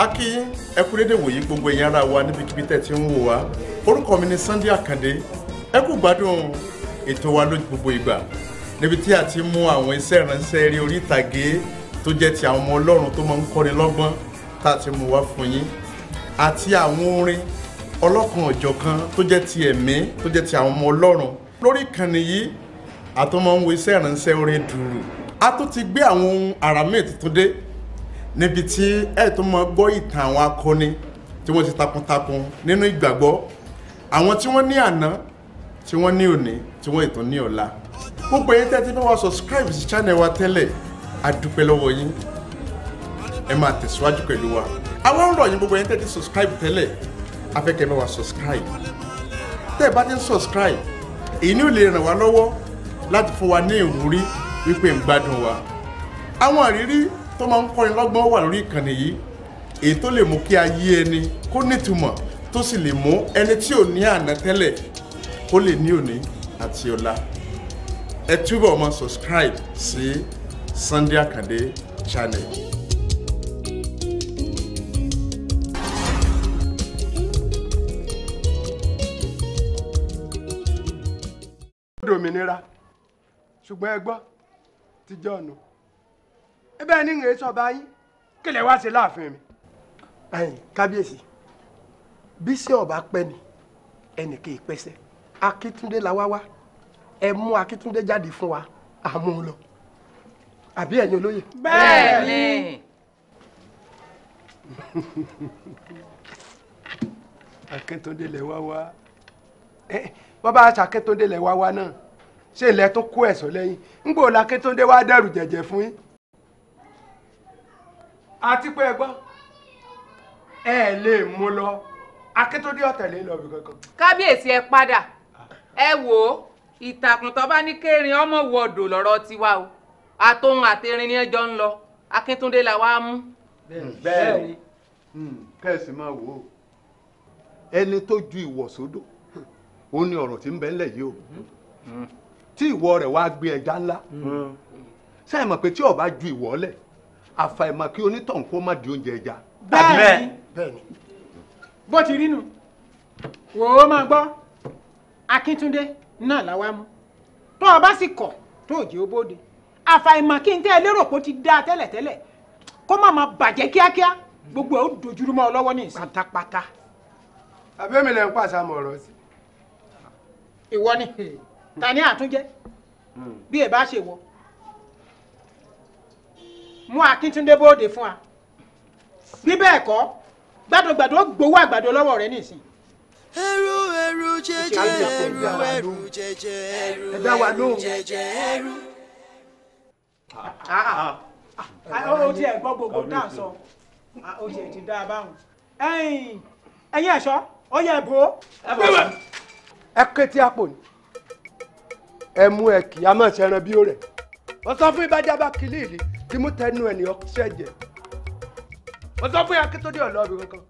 akí ẹkú dédé wòye gbogbo ẹ̀yin ara wa níbikíbi tẹ́ ti ń wò wá orúkọ mi ni Sunday Akande ẹkú gbádùn ètò wa lójú gbogbo ìgbà níbi tí a ti mú àwọn iṣẹ́ ìránṣẹ́ eré orí ìtàgé tó jẹ́ ti àwọn ọmọ Ọlọ́run tó máa ń kọ́ni lọ́gbọ́n tá a ti mú wá fún yín àti àwọn orin ọlọ́kan ọ̀jọ̀kan tó jẹ́ ti ẹ̀mí tó jẹ́ ti àwọn ọmọ Ọlọ́run lórí ìkànnì yìí àtọ́ máa ń wo iṣẹ́ ìránṣẹ́ orin dùrù a tún ti gbé àwọn ohun àrà míì tuntun dé níbi tí ẹ tó mọ gbọ́ ìtàn àwọn akọni tí wọ́n ti takuntakun nínú ìgbàgbọ́ àwọn tí wọ́n ní àná tí wọ́n ní òní tí wọ́n ìtàn ní ọ̀la gbogbo yín tẹ́tí bá wa subscribe sí channel wa tẹ́lẹ̀ a dúpẹ́ lọ́wọ́ yín ẹ máa tẹ̀síwájú pẹ̀lú wa àwọn ń rọ̀ yín gbogbo yín tẹ́tí subscribe tẹ́lẹ̀ afẹ́kẹ́ bá subscribe tẹ́ ẹ bá ti ń subscribe èyí ni ò lè ràn wá lọ́wọ́ láti fún wa ní ìwúrí wípé ń gbádùn wa àwọn àrírí tó máa ń kọ́ni lọ́gbọ́n wà lórí ìkànnì yìí èyí tó lè mú kí ayé ẹni kó nítumọ̀ tó sì lè mú ẹni tí ò ní àná tẹ́lẹ̀ kó lè ní òní àti ọ̀la ẹ túbọ̀ máa subscribe sí Sunday Akande channel. ṣùgbọ́n ẹ gbọ́ tíjọ́ ọ̀nà bẹ́ẹ̀ ni ìrìn sọ̀bá yín kílẹ̀ wá ṣe láàfin mi. ẹ̀yin kábíyèsí bí ṣé ọba pẹ́ ni ẹnì kì í pẹ́sẹ̀ akíntúndé la wá wá ẹ mú akíntúndé jáde fún wa àmú lọ àbí ẹ̀yin olóyè. bẹ́ẹ̀ ni. akíntúndé lẹ wá wá bọ́bá aṣọ akíntúndé lẹ wá wá náà ṣé ilẹ̀ tún kó ẹ̀sọ́ lẹ́yìn ń gbòòlà akíntúndé wá dẹrù jẹ̀jẹ̀ fún yín. àti pé ẹ gbọ́ ẹ lè mú lọ akíntódé ọ̀tẹ̀lé lọ bí kankan. kábíyèsí ẹ padà ẹ wò ó ìtàkùn tó bá ní kérin ọmọ wọdò lọ́rọ̀ tiwa o àtòhun àtẹrin ni ẹjọ́ ń lọ akíntúndé la wàá mú. bẹ́ẹ̀ni hmm, kẹsì máa wò ó ẹni tó ju ìwọ sódò ó ní ọ̀rọ̀ tí ń bẹ ńlẹ̀ yìí o hmm. tí ìwọ rẹ̀ wá gbé ẹja ńlá sẹ́yìn hmm. mọ̀ pé tí ọba ju ìwọ lẹ̀ àfàìmọ̀ kí onítọ̀hún kó má di oúnjẹ ẹja. bẹ́ẹ̀ni bẹ́ẹ̀ni bó ti rí nù wò ó máa gbọ́ akíntúndé náà làwa mú tó o bá sì kọ̀ tó o jẹ́ o bóde àfàìmọ̀ kí n tẹ́ ẹ lérò pé ó ti dáa tẹ́lẹ̀tẹ́lẹ̀ kó má máa bàjẹ́ kíákíá gbogbo ẹ̀ ó dojúrú mọ́ ọ lọ́wọ́ ní ìsìn. pátápátá. àbẹ́mi lè ń pàṣà mọ̀ ọ̀rọ̀ sí. ìwọ ni ta ni àtúnjẹ hmm. bí ẹ bá ṣe wọ mú akíntúndé bóde fún wa bí bẹ́ẹ̀ kọ́ gbàdúgbàdú ó gbowó àgbàdo lọ́wọ́ rẹ nísìn. ẹrú ẹrú jẹjẹ ẹrú ẹrú jẹjẹ ẹrú ẹrú jẹjẹ ẹrú. Ah, ah, ah. ó ti ẹ̀ gbọ́ gbogbo náà sọ ó ti ẹ̀ ti dá a báwọn. ẹ̀yin ẹ̀ṣọ́ ó yẹ bó. ẹ kétí àpò ni ẹ mú ẹ kì í a máa ṣẹran bí ó rẹ. wọ́n sọ fún ìbájá bá kìlì ìlú tí mú tẹnu ẹ̀ ní ọ̀ṣẹ̀jẹ̀ mo sọ fún akíntóde ọ̀lọ́ọ̀bì kankan.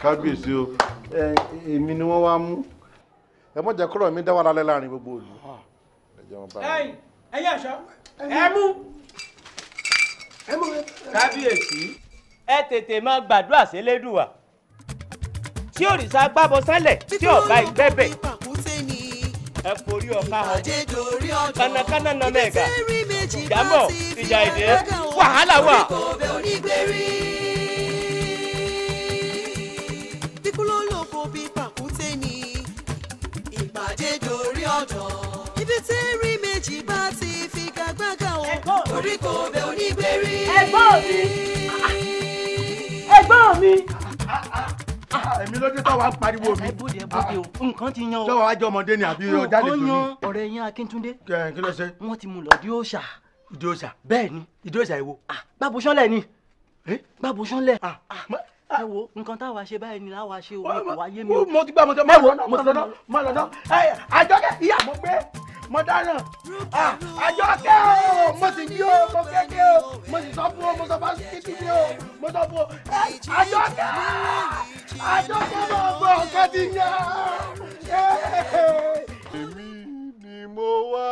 kábíyèsí o èmi ni wọ́n wá mú ẹ mọ̀ jẹ́ kúrò mi dá wà lálẹ́ láàrin gbogbo òlu. Ah. ẹ̀yin ẹ̀yin ẹ mú kábíyèsí ẹ tètè máa gbàdúrà sí Elédùà tí òrìṣà gbábọ sálẹ̀ tí ọ̀gá ìgbẹ́bẹ̀ ẹ forí ọ̀ka hàn kánnakánná nà mẹ́ẹ̀ka jámọ̀ ìjà ìdè wàhálà wà. bíkúló mi ẹ̀gbọ́n mi èmi lójú tó wàá pariwo mi. ẹ bóde ẹ bóde o ah, nǹkan ti yan o. sọ́wọ́ ajọ́ ọmọdé ni àbí ọjà lè tó ní. nǹkan yan ọ̀rẹ́ yẹn Akíntúndé. kí ló ṣe. wọ́n ti mú lọ di òòṣà. di òòṣà. bẹ́ẹ̀ ni di òòṣà èwo. gbàbó ah, sọ́lẹ̀ ni gbàbó eh? sọ́lẹ̀ ah, ẹ wo nǹkan tá a wá ṣe báyìí ni láwa ṣe o kò wáyé mi o. mo ti gbà mo ti gbà mo ti lọ mo ti lọ náà. àjọkẹ́ ìyá mo gbé mo dáná ah, àjọkẹ́ o mo sì jí o mo kéde o mo sì sọ fún o mo sọ fún asukiti ni o mo sọ fún o àjọkẹ́ àjọkẹ́ mo gbọ́ ọ̀kẹ́ ti yá. èmi ni mo wá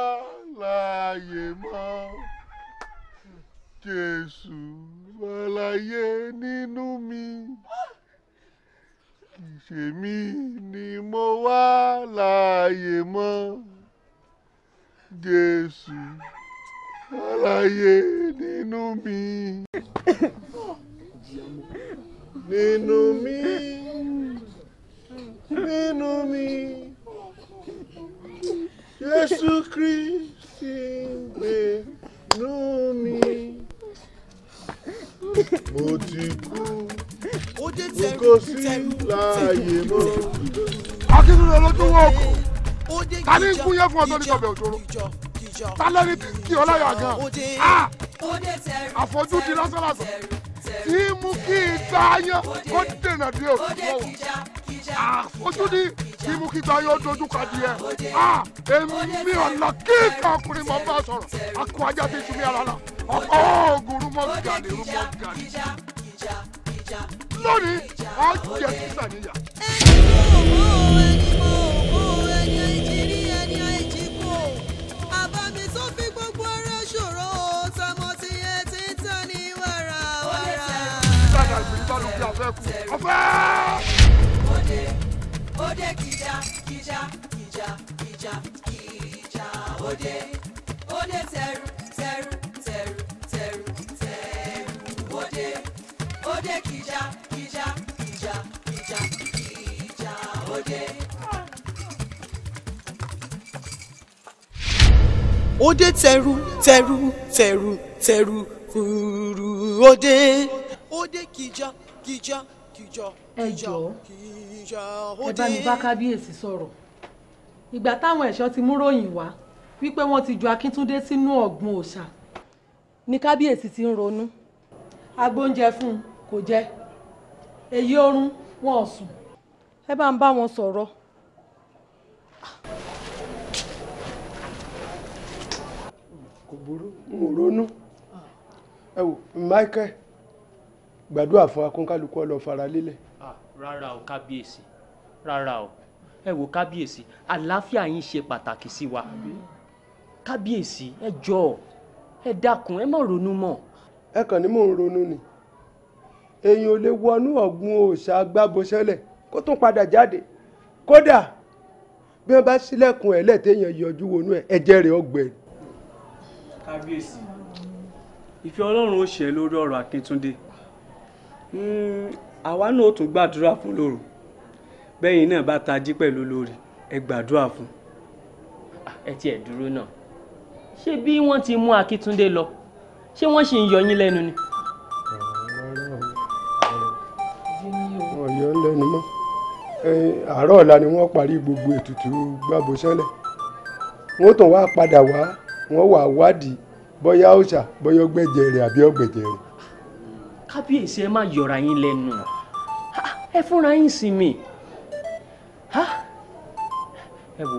láàyè mọ́ Jésù aláyé nínú mi ìṣèmí ni mo wá láàyè mọ́. Jésù aláyé nínú mi nínú mi nínú mi Jésù Kristi gbé nínú mi mo ti kú mo kò sí láàyè mọ́. akíndúró lójú wọ́ọ̀kù ta ni nkun yẹ fún ọ lórí tọbẹ òjòrò ta lẹni kí ọlọyà gan a ah! àfojúdi lásánlásán tí mú kí igba yẹn kó dènà dé òkú lọ́wọ́ àfojúdi tí mú kí igba yẹn ó dojú ka di yẹ a ah! èmi ọ̀nà kíkà ọkùnrin mọ̀ bá sọ̀rọ̀ akọ ajá ti sunmi ara la ọkọ oògùn rúmọ̀ gàdé rúmọ̀ gàdé lónìí ọ̀jẹ̀ sísà níyà. ẹni mò ń mú ẹni mò ń. lẹ́kùn ọ̀fẹ́. òde òde kìjà kìjà kìjà kìjà kìjà òde òde tẹ̀rù tẹ̀rù tẹ̀rù tẹ̀rù tẹ̀rù òde òde kìjà kìjà kìjà kìjà kìjà òde. òde tẹ̀rù tẹ̀rù tẹ̀rù tẹ̀rù kùrù òde òde kìjà ẹ jọ̀ọ́ ẹ bá mi bá kábíyèsí sọ̀rọ̀ ìgbà táwọn ẹ̀ṣọ́ ti mú ròyìn wá wípé wọ́n ti ju Akíntúndé sínú ọ̀gbun òòṣà ni kábíyèsí ti ń ronú agbóúnjẹ fún un kò jẹ èyí oorun wọn ò sùn ẹ bá ń bá wọn sọ̀rọ̀. kò burú n ronú ẹ wò Michael gbàdúrà fún akọ́ńkálukú ọlọ́ fara lélẹ̀. rárá o kábíyèsí rárá o ẹ wo kábíyèsí àlàáfíà yín ṣe pàtàkì sí wa kábíyèsí ẹ jọ̀ọ́ ẹ dákun ẹ má ronú mọ́. ẹ kàn ní mò ń ronú ni èèyàn ò lè wọnú ọ̀gbun òòṣà agbábọ́sẹ́lẹ̀ kó tún padà jáde kódà bí wọ́n bá ṣílẹ̀kùn ẹ̀ lẹ́tẹ̀yàn yọjú wọnú ẹ̀ ẹ̀jẹ̀ rẹ̀ ọgbẹ́. kábíyèsí ìfẹ́ ọlọ́run ó ṣe lórí ọ̀rọ̀ akíntúndé Hmm, àwa náà ó tún gbàdúrà fún lóru bẹ́yìn náà bá tají pẹ̀lú lórí ẹ gbàdúrà fún. Ah, ẹ tiẹ̀ dúró náà ṣé bí wọ́n ti mú akíntúndé lọ ṣé wọ́n ṣì ń yọ yín lẹ́nu ni. ọ̀yọ́ lẹ́nu mọ́ àárọ̀ ọ̀la ni wọ́n parí gbogbo ètùtù gbàbó sẹ́lẹ̀ wọ́n tàn wá padà wá wọ́n wà wádìí bóyá ọ̀ṣà bóyá ọgbẹ́jẹ̀ rẹ̀ àbí ọgbẹ̀jẹ̀ rẹ̀ kábíyèsí ẹ má yọra yín lẹ́nu ẹ fúnra yín sinmi ẹ wo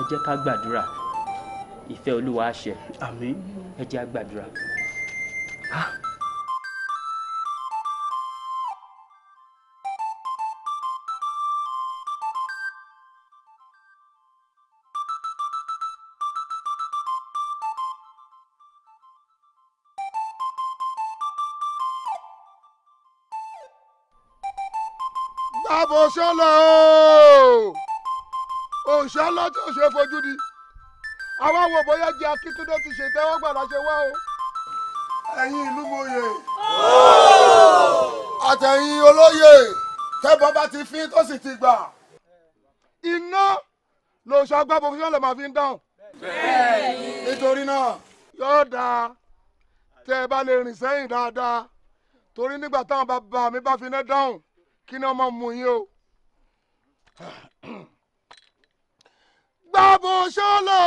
ẹ jẹ́ ká gbàdúrà ìfẹ́ olúwa ṣẹ ẹ jẹ́ á gbàdúrà. Ah. òṣèlè o òṣèlè tí ò ṣe fojú di àwa wo bóyá jẹ akíntúndé ti ṣètẹ́wọ́gbà láṣẹ wá o ẹ̀yin ìlú mòye àtẹ̀yìn olóyè tẹ́bọ̀ bá ti fín tó sì ti gbà. iná lòṣà agbábọ̀ fún yọ̀lẹ̀ máa fi ń dáhùn. nítorí náà yóò dáa tẹ́ ẹ bá lè rìn sẹ́yìn dáadáa torí nígbà táwọn bàbá mi bá fi iná dáhùn kí ni ọmọ mú yín o gbàbọ̀ ṣọlọ.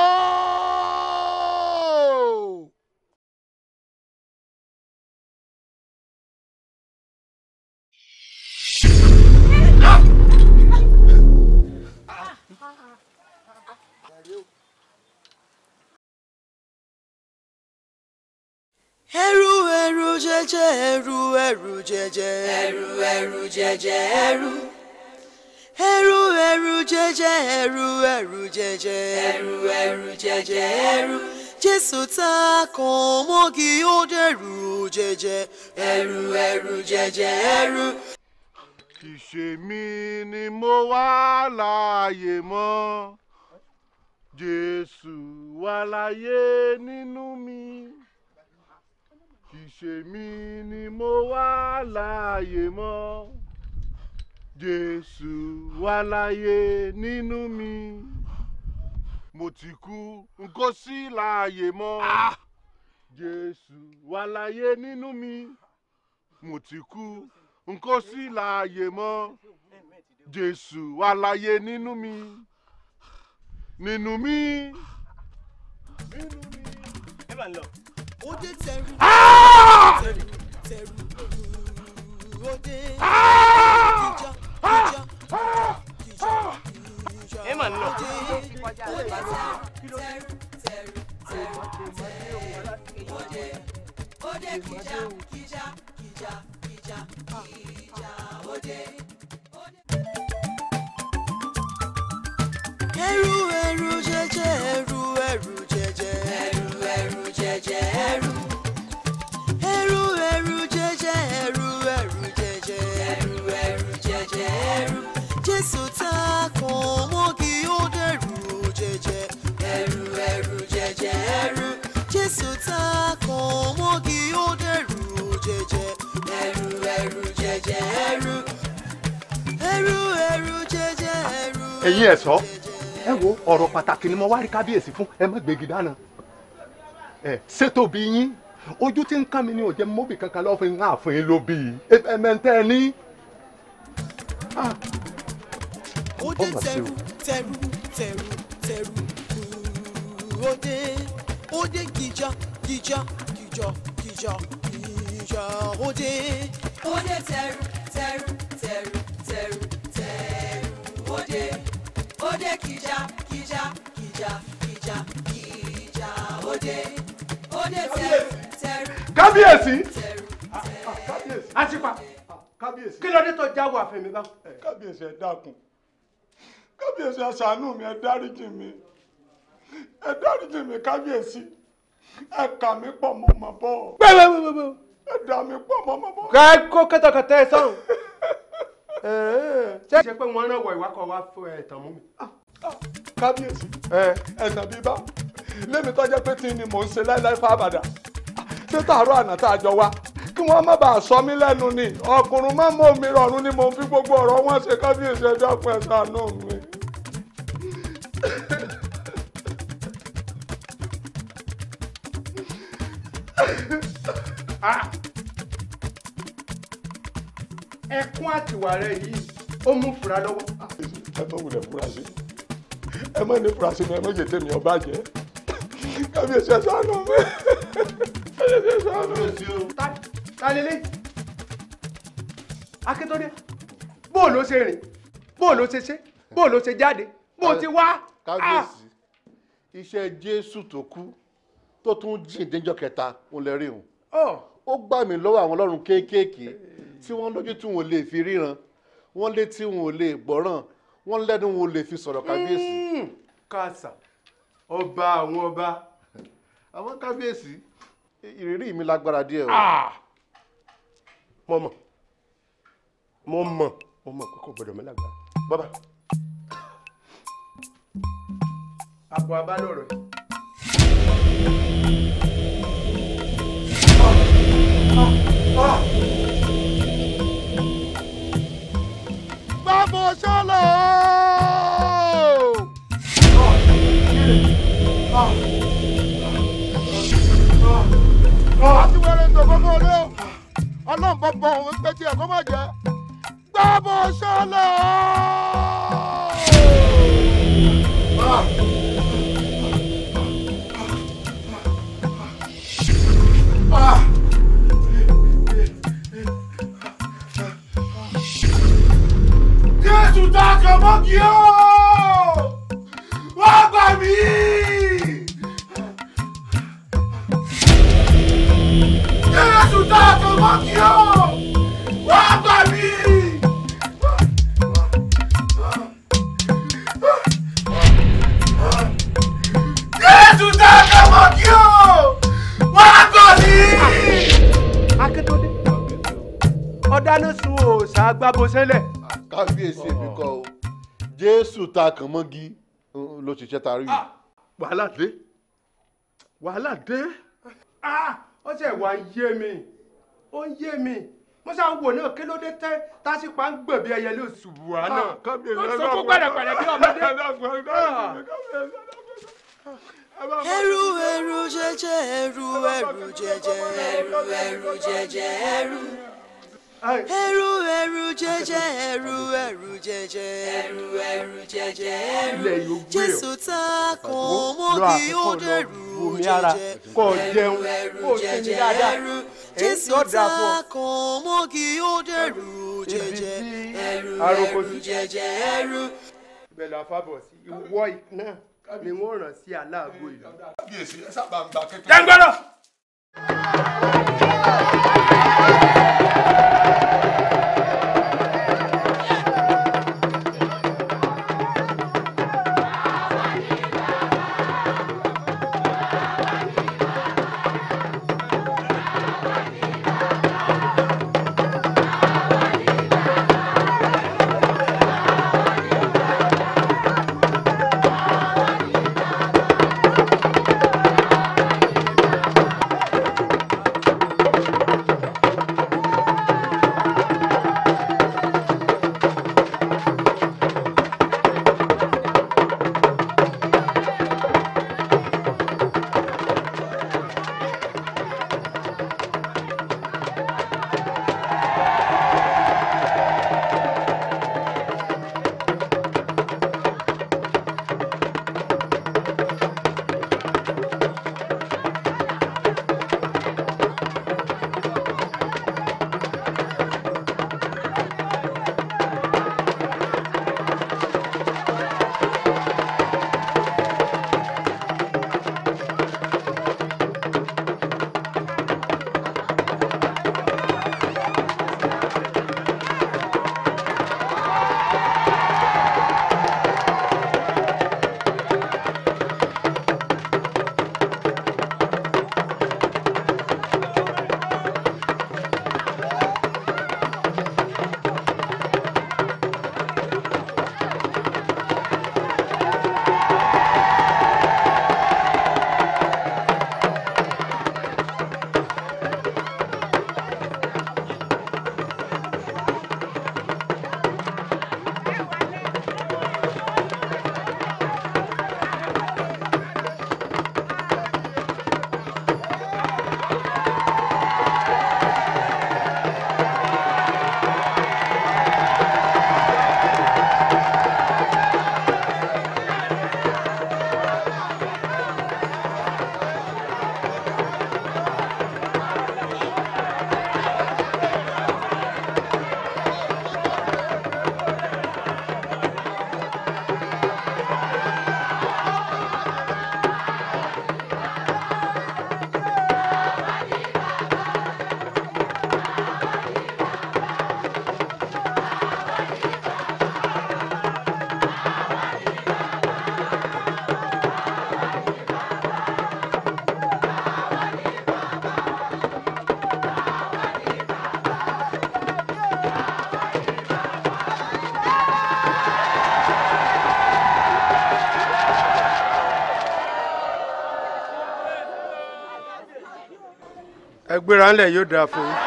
ẹrú ẹrú jẹjẹ ẹrú ẹrú jẹjẹ ẹrú ẹrú jẹjẹ ẹrú ẹrù ẹrù jẹjẹ ẹrù ẹrù jẹjẹ ẹrù ẹrù jẹjẹ ẹrù jésù tá a kàn mọ́gi ó dẹ̀rù jẹjẹ ẹ̀rù ẹ̀rù jẹjẹ ẹ̀rù. kì í ni mo wà láàyè mọ́ jésù wà láàyè nínú mi kì í ni mo wà láàyè mọ́. Jésù wà láyé nínú mi mo ti kú n kò sí láàyè mọ́ ah! Jésù wà láyé nínú mi mo ti kú n kò sí láàyè mọ́ Jésù wà láyé nínú mi nínú mi nínú mi. ẹ bá ń ẹ mà ń lọ. Ode kija kija kija kija kija Jésù ta kàn mọ́ kí ó dẹ̀rù jẹjẹ. Ẹ̀rù ẹ̀rù jẹjẹ ẹ̀rù. Jésù ta kàn mọ́ kí ó dẹ̀rù jẹjẹ. Ẹ̀rù ẹ̀rù jẹjẹ ẹ̀rù. Ẹ̀rù ẹ̀rù jẹjẹ ẹ̀rù. Ẹ̀yin ẹ̀ṣọ́, ẹ wo ọ̀rọ̀ pàtàkì ni mo wá rí kábíyèsí fún ẹ má gbégi dáná. Ẹ ṣètò bí yín ojú tí ń kàn mí ni ò jẹ́ mọ́bì kankan lọ́ọ́ fún yín ló bí Ẹ mẹ́ntẹ́ ni. Ah ó dé tẹrú tẹrú tẹrú tẹrú ó dé ó dé gìjà gìjà gìjà gìjà gìjà ó dé. ó dé tẹrú tẹrú tẹrú tẹrú tẹrú ó dé ó dé gìjà gìjà kábíyèsí kábíyèsí ah, ah, ah, àtìpà tó jáwọ́ àfẹ̀mí eh, kábíyèsí ẹ dákun. kábíyèsí ẹ ṣàánú mi mi ẹ mi kábíyèsí ẹka pọ̀ mọ́ mọ́ bọ́. bẹ́ẹ̀ bẹ́ẹ̀ bẹ́ẹ̀ ẹ dà mí ká kó kẹtọkẹtẹ ẹ pé wọ́n rán wọ wá fún ẹ̀ tàn mú mi. Ah, ah, kábíyèsí bá tó pé tí ni mò tààrọ̀ Ah, ẹkún àtìwà rẹ yìí ó mú fura lọ́wọ́. ẹ má wulẹ̀ fura sí ẹ má ní fura sí mi ẹ má jẹ tèmi ọba jẹ kábíyèsí ẹsẹ àná mi kábíyèsí ẹsẹ àná mi. ta lele Akíntọ́dé bó ló ṣe rìn bó ló ṣe ṣe bó ló ṣe jáde bó ti wá kábíyèsí iṣẹ́ jésù tó kú tó tún jìn déjọ́ kẹta òun lè rí òun ó gbà mí lọ́wọ́ àwọn ọlọ́run kéékèèké tí wọ́n lójú tí wọn ò lè fi ríran wọ́n létí wọn ò lè gbọ́ràn wọ́n lẹ́nu wọn ò lè fi sọ̀rọ̀ kábíyèsí. Hmm. kàṣà ọba àwọn ọba àwọn kábíyèsí ìrírí mi lágbára díẹ̀ o. Ah! mo mọ̀ mo mọ̀ mo mọ̀ kókó gbọ́dọ̀ mi lágbára bàbá. àpò abálọ̀rọ̀. bámo sọ́lọ̀ wọ́n wẹ̀rẹ̀ ń dọ̀gbọ́n lé o ọlọ́run bọ́ bọ́ òun pé tí ẹ̀kọ́ má jẹ́ bámo sọ́lọ̀. Jésù tá a kàn mọ́ kí ó wá gbà mí. Jésù tá a kàn dáná sun òòṣà agbábo sẹ́lẹ̀. kábíyèsí èmi kọ o jésù ta kàn mọ́gi ló ṣiṣẹ́ ta rí. Ah, wàhálà dé wàhálà dé ah, ó ṣe wá yé mi ó yé mi mo ṣáà wò náà kí ló dé tẹ tásìpá ń gbèbí ẹyẹ ló ṣubú wa náà ah, ó sọkú pẹ̀lẹ́pẹ̀lẹ́ bí ọmọdé ẹrù ẹrù jẹjẹ ẹrù ẹrù jẹjẹ ẹrù ẹrù jẹjẹ ẹrù ẹrù ẹrù jẹjẹ ẹrù ẹrù jẹjẹ ẹrù ẹrù jẹjẹ ẹrù jésù tá a kàn mọ́ kí ó dẹrù jẹjẹ ẹrù ẹrù jẹjẹ ẹrù jésù tá a kàn mọ́ kí ó dẹrù jẹjẹ ẹrù ẹrù jẹjẹ ẹrù. bẹ̀rẹ̀ àfàbọ̀ sí ìwọ náà ni wọ́n rán sí aláàbò ìlú. dáńgbọ́dọ̀. gbéra ńlẹ̀ yóò dáa fún yín.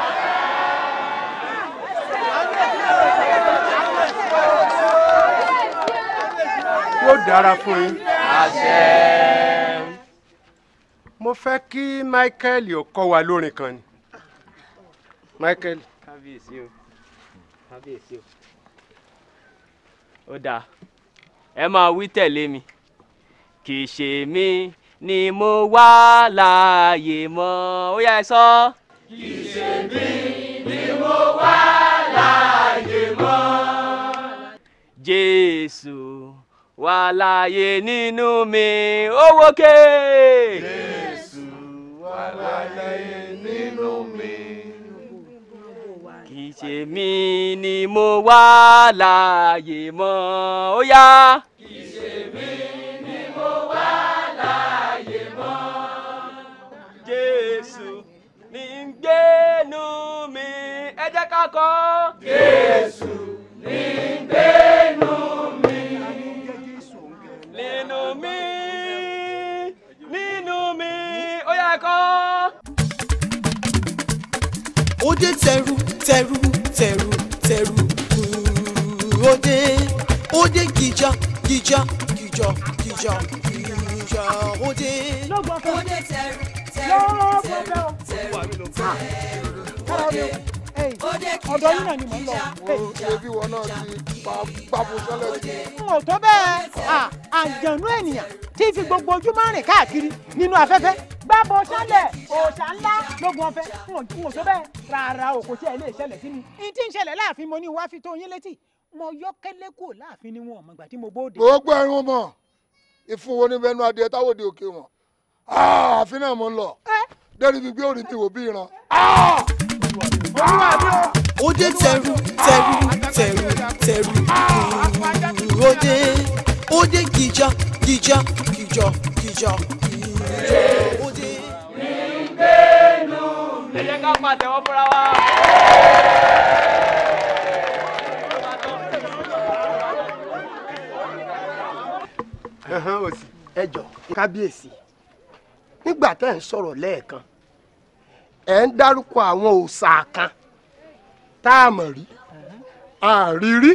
yóò dára fún yín. mo fẹ́ kí michael ó kọ́ wa lórin kan ni. michael. kábíyèsí o kábíyèsí o ó dáa ẹ máa wí tẹ̀lé mi kì í ṣe mí ni mo wà láàyè mọ́ ó yá ẹ sọ. ìṣèbí ni mo wà láàyè mọ́. jésù wà láàyè nínú mi ó wókè. jésù wà láàyè nínú mi. kì í ṣe mí ni mo wà láàyè mọ́ ó yá. kì ni mo wà láàyè mọ́ láàyè mọ́. Jésù ní ń gbénu mi, ẹ jẹ́ ká kọ́. Jésù ní ń gbénu mi. Nínú mi, nínú mi, ó yẹ yọ òde. lọ́gbọ̀n fún mi lọ́gbọ̀n fún mi o. òde òde ọ̀dọ̀ yín náà ni mò ń lọ. ebi wọn náà ti pàbó sọlẹ ti. n ò tó bẹ́ẹ̀ àjànú ènìyàn tí fi gbogbo ojú máa rìn káàkiri nínú afẹ́fẹ́ gbàbọ̀ sálẹ̀ òòṣà ńlá lógun ọ̀fẹ́ n ò tó bẹ́ẹ̀ rárá o kò tí ẹ lè ṣẹlẹ̀ sí mi. n tí ń ṣẹlẹ̀ láàfin mo ní wá fi tó yín létí mo yọ́kẹ́lẹ́ kù láàfin ni wọn ò mọ̀gbà tí mo bóde. gbogbo ẹ̀rùn mọ̀ ìfún wo ní bẹnu adìẹ táwòdì òkè wọn ah, àfi náà mo ń lọ dérí fi gbé òrìn mi wò bí ìran. Ah! ó tẹrù tẹrù tẹrù tẹrù ó dé ó dé gìjà gìjà gìjà gìjà gbẹ́nu ẹ jẹ́ ká pàtẹ́wọ́ fúnra wa. ẹ jọ̀ọ́ kábíyèsí nígbà tẹ́ ẹ̀ ń sọ̀rọ̀ lẹ́ẹ̀kan ẹ̀ ń dárúkọ àwọn òòṣà kan tá a mọ̀ rí àrírí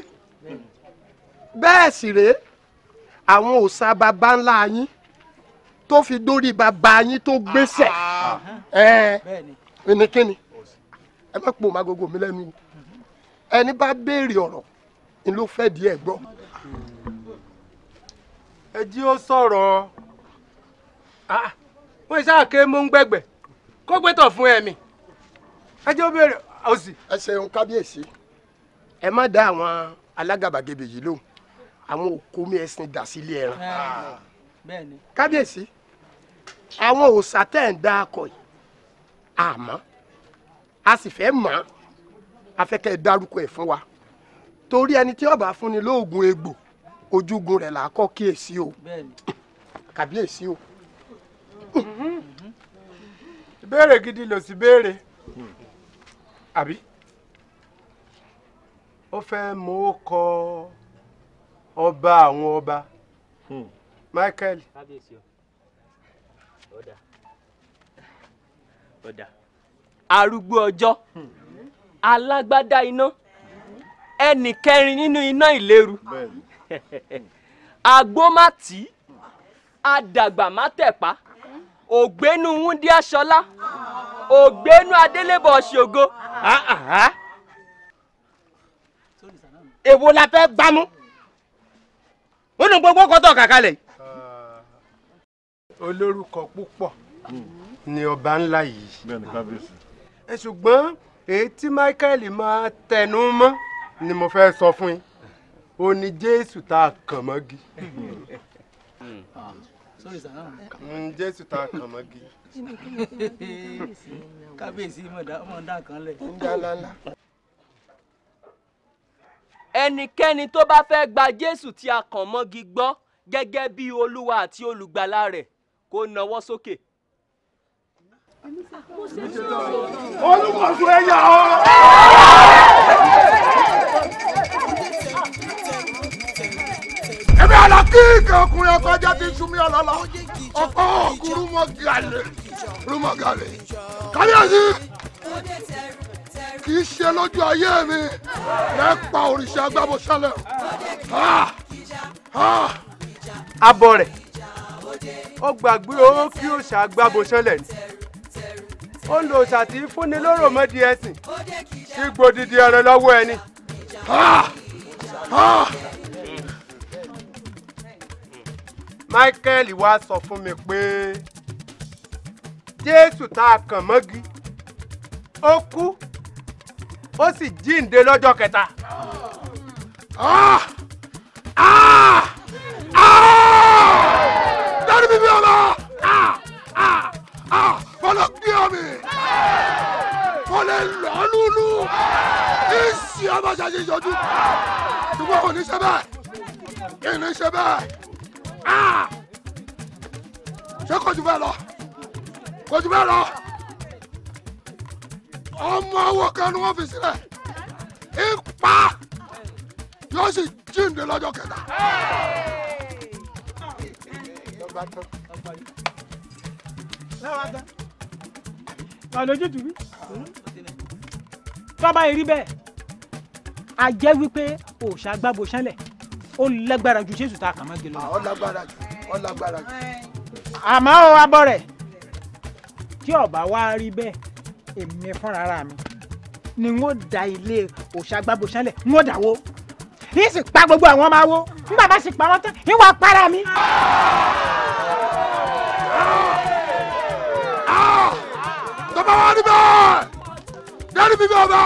bẹ́ẹ̀ sì rèé àwọn òòṣà baba ńlá yín tó fi dórí baba yín tó gbéṣẹ ẹ nìkíni ẹ má pò má gogo mi lẹ́nu ẹni bá béèrè ọ̀rọ̀ ni ló fẹ́ di ẹ̀ gbọ́ ẹ jí ó sọ̀rọ̀ ah, wọ́n ṣe àké mú ń gbẹ̀gbẹ̀ kó gbé tọ̀ fún ẹ̀mí ẹ jẹ́ ó béèrè òsì. ẹ ṣeun kábíyèsí ẹ má dá àwọn alágàbàgebè yìí lóhùn àwọn òkú mi ẹ̀sìn dà sílé ẹran ah, kábíyèsí àwọn òòṣà tẹ̀ ń dá akọ yìí àmọ́ a sì fẹ́ mọ̀ á a fẹ́ kẹ́ ẹ dárúkọ ẹ̀ fún wa torí ẹni tí ó bá fúnni lóògùn egbò ojúgun rẹ̀ là á kọ́ kíyèsí o kàbíyèsí o. ìbéèrè gidi ló sì béèrè àbí ó fẹ́ mú ó kọ ọba àwọn ọba hmm. Michael. arúgbó ọjọ́ hmm. alágbádá iná ẹnì kẹrin nínú iná àgbó má tì í àdàgbà ogbenu adelebo ògbénu wúndí aṣọlá ògbénu adélébọ̀ ṣògo. èwo la fẹ́ gbámú wọn ní gbogbo kọ́tọ̀ kàkálẹ̀. Uh, olórúkọ púpọ̀ ni ọba ńlá yìí ṣùgbọ́n èyí tí Michael máa tẹnu mọ́ ni mo fẹ́ sọ fún yín ó ní jésù tá a kàn mọ́gi. Hmm, jésù tá a kàn mọ́gi. kábíyèsí mọ̀dá kan lẹ̀. ẹnikẹ́ni tó bá fẹ́ gba jésù tí a kàn mọ́gi gbọ́ gẹ́gẹ́ bí olúwa àti olùgbàlà rẹ̀ kó nawọ́ sókè. olùkọ́sọ ẹ̀yà ọ́. kíkà ọkùnrin ọgbàjá ti sunmi ọlọlọ ọkọ ọkùnrin rúmọ gàlè rúmọ gàlè kábíyèsí kì í ṣe lójú ayé mi lẹ́pa òrìṣà agbábọ̀sálẹ̀ o. abọ́ rẹ̀ ó gbàgbé owó kí òòṣà agbábọ̀sálẹ̀ ni ó ń lo òòṣà tí fúnni lóró mọ́dí ẹ̀sìn kí gbòdìdì ẹ̀rẹ̀ lọ́wọ́ ẹni. Michael wá sọ fún mi pé Jésù tá a kàn mọ́gi ó kú ó sì jíǹde lọ́jọ́ kẹta. dárí mi bí ọlọ fọlọ gbé omi fọlẹ lọlúlu ìsì ọmọ ṣàṣeyọjú ṣùgbọ́n kò ní ṣe bẹ́ẹ̀ kí ni ṣe bẹ́ẹ̀ ṣé kò jù bẹ́ẹ̀ lọ kò jù bẹ́ẹ̀ lọ ọmọ wo kan ni wọ́n fi sílẹ̀ ipa yóò sì jíǹde lọ́jọ́ kẹta. àlójútùú tọ́ba yìí rí bẹ́ẹ̀ a jẹ́ wípé òòṣà gbàgbó sánlẹ̀ ó lágbára ju jésù tá a kàn má gbé lọ. ó lágbára jù ó lágbára jù. àmọ́ ó wá bọ̀ rẹ̀ tí ọba wa rí bẹ́ẹ̀ èmi fúnra mi ni n ó da ilé òṣàgbàbọ̀sánlẹ̀ n ó dàwó n sì pa gbogbo àwọn ọmọ awo n bàbá sì pa wọn tán n wà para mi. bàbá wa rí bẹ́ẹ̀ dẹ́rù bíbí ọba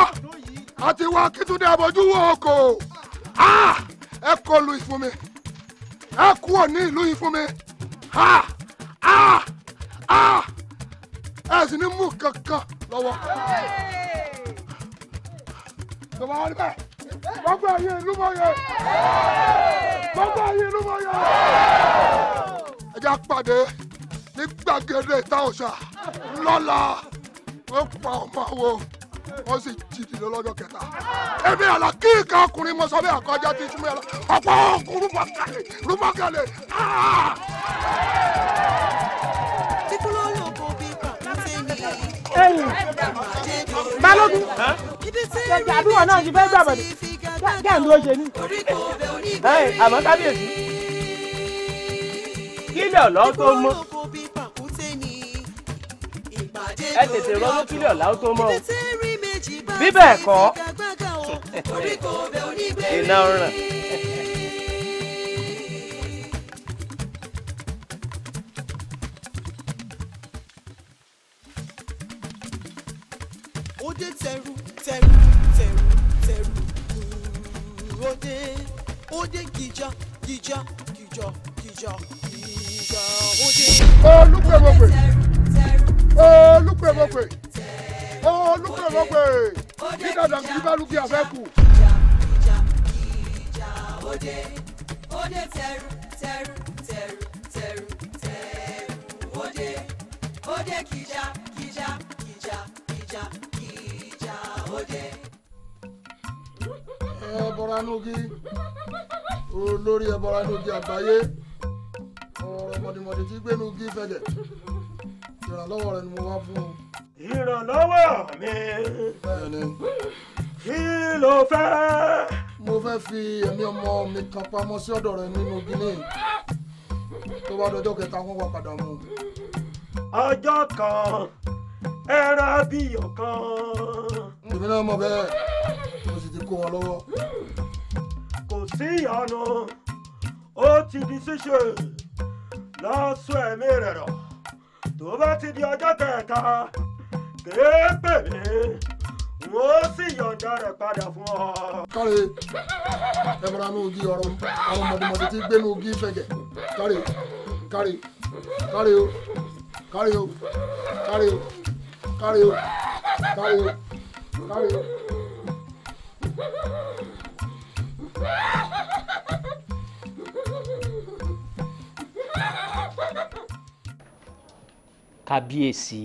àti ìwà kìtùnú àbójú wo kò. Ah! ẹ kó lu ìfún mi ẹ kúrò ní ìlú yìí fún mi ha ha ha ẹ sì ní mú kankan lọ́wọ́. Bàbá wa níbẹ̀, gbogbo ayé ìlú mọ̀ yẹ, gbogbo ayé ìlú mọ̀ yẹ. Ẹ jẹ́ àpàdé ní gbàgede ìta òòṣà lọ́la, ó pa ọmọ wo wọ́n sì jìdì lọ́jọ́ kẹta. èmi àlà kí ìka ọkùnrin mọ sọ́bẹ̀ àkọjá ti súnmọ́ yàrá ọ̀pọ̀ ọkùnrin rúbọ̀kẹ̀lẹ̀ rúbọ̀kẹ̀lẹ̀. ẹ̀yin balógun kẹkẹ àbí náà ti fẹ́ gbàgbọ́ ni kẹ́hìn ló ṣe ní. ẹ̀yin àmọ́ kábíyèsí kílẹ̀ ọ̀lọ́ tó mọ́ ẹ tètè rọ́ọ̀lù kílẹ̀ ọ̀lá tó mọ́ o bí bẹ́ẹ̀ kọ́ iná ràn. òde tẹrù tẹrù tẹrù tẹrù òde òde gíjà gíjà gíjà gíjà gíjà òde. olùpẹ̀wọ̀pẹ̀ olùpẹ̀wọ̀pẹ̀ olùpẹ̀wọ̀pẹ̀ bí dàdà kì í bá lùkì àfẹ́ kù. ìjà ìjà ìjà òde òde tẹrù tẹrù tẹrù tẹrù tẹrù òde òde kìjà kìjà kìjà kìjà kìjà òde. ẹ bọra nugi olórí ẹ bọra nugi àgbáyé ọ̀rọ̀ mọ̀dìmọ̀dì tí gbénu gí fẹ̀jẹ̀ ìrànlọ́wọ́ rẹ ni mo wá fún ọ ìrànlọ́wọ́ mi kí ló fẹ́. mo fẹ́ fi ẹ̀mí ọmọ mi kan pamọ́ sí ọ̀dọ̀ rẹ nínú Guinea tó bá dọjọ́ kẹta wọn wá padà mú. ọjọ́ kan ẹran abiyọ̀ kan. èmi náà mọ̀ bẹ́ẹ̀ mo sì ti kó wọn lọ́wọ́. kò sí ìyanu ó ti di ṣíṣe lọ́sùn ẹ̀mí rẹ̀ rọ̀ tó bá ti di ọjọ́ kẹta kéèpè wọ́n sì yọ̀ǹda rẹ̀ padà fún ọ. káre ẹ bọra ní ogi ọ̀rọ̀ àwọn mọdòmọdò tí gbé ní ogi fẹgẹ káre káre káre o káre o káre o káre o káre o káre o. kábíyèsí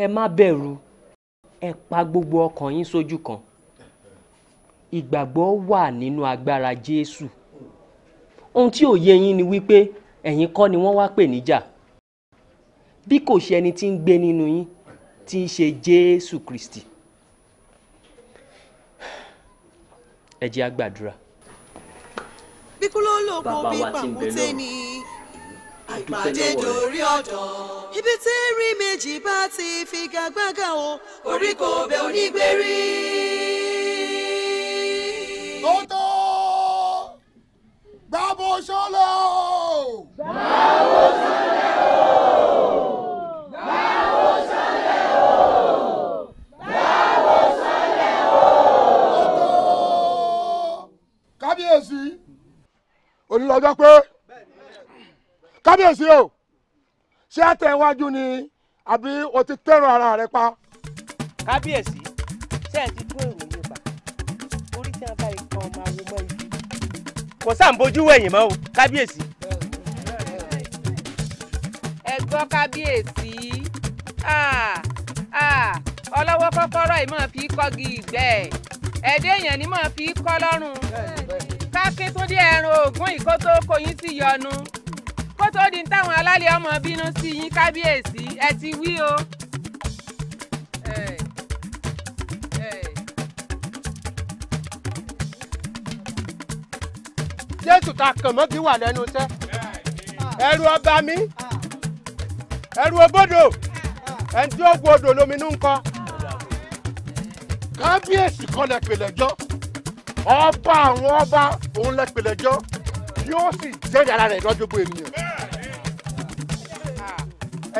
ẹ má bẹ̀rù ẹ pa gbogbo ọkàn yín sójú kan ìgbàgbọ́ wà nínú agbára Jésù ohun tí ò yín ni wípé ẹ̀yin kọ́ ni wọ́n wá pè níjà bí kò ṣe ẹni tí ń gbé nínú yín tí ń ṣe Jésù Kristi ẹ jẹ́ á bí kúló lóko bí pàkúté ni ìpàdé dòrí ọ̀dọ̀. ibi tí rí méjì bá ti figagbága o orí kò bẹ onígbérí. ó tó gbàbó sọlẹ o. gbàbó sọlẹ o. gbàbó sọlẹ o. gbàbó sọlẹ o. pé kábíyèsí o ṣé àtẹ̀wájú ni àbí o ti tẹ̀ràn ara rẹ pa. kábíyèsí ṣé ẹ ti tún èrò mi pa orí tí wọn bá ikọ ọmọ awo mọ ibi. kò sáà ń bójú wẹ̀yìn mọ́ o kábíyèsí. ẹ gbọ́ kábíyèsí ọlọ́wọ́ kọ́kọ́rọ́ yìí máa fi kọ́gi ìgbẹ́ ẹ̀dẹ́ èèyàn ni máa fi kọ́ lọ́rùn kákíntúndé ẹran ògún ìkótó kọyín sí yọnu kó tó di táwọn alálẹ̀ ọmọ bínú sí yín kábíyèsí ẹ ti wí o. jésù ta kànmọ́gì wà lẹ́nu iṣẹ́ ẹrù ọba mi ẹrù obodò ẹni tí ó gbọ́ odò lómi ń kọ́ kábíyèsí kọ́ lẹ pèlẹ́jọ́ ọba àwọn ọba òun lẹ pèlẹ́jọ́ yóò sì jẹ́rìí ara rẹ̀ lọ́jọ́ gbogbo ènìyàn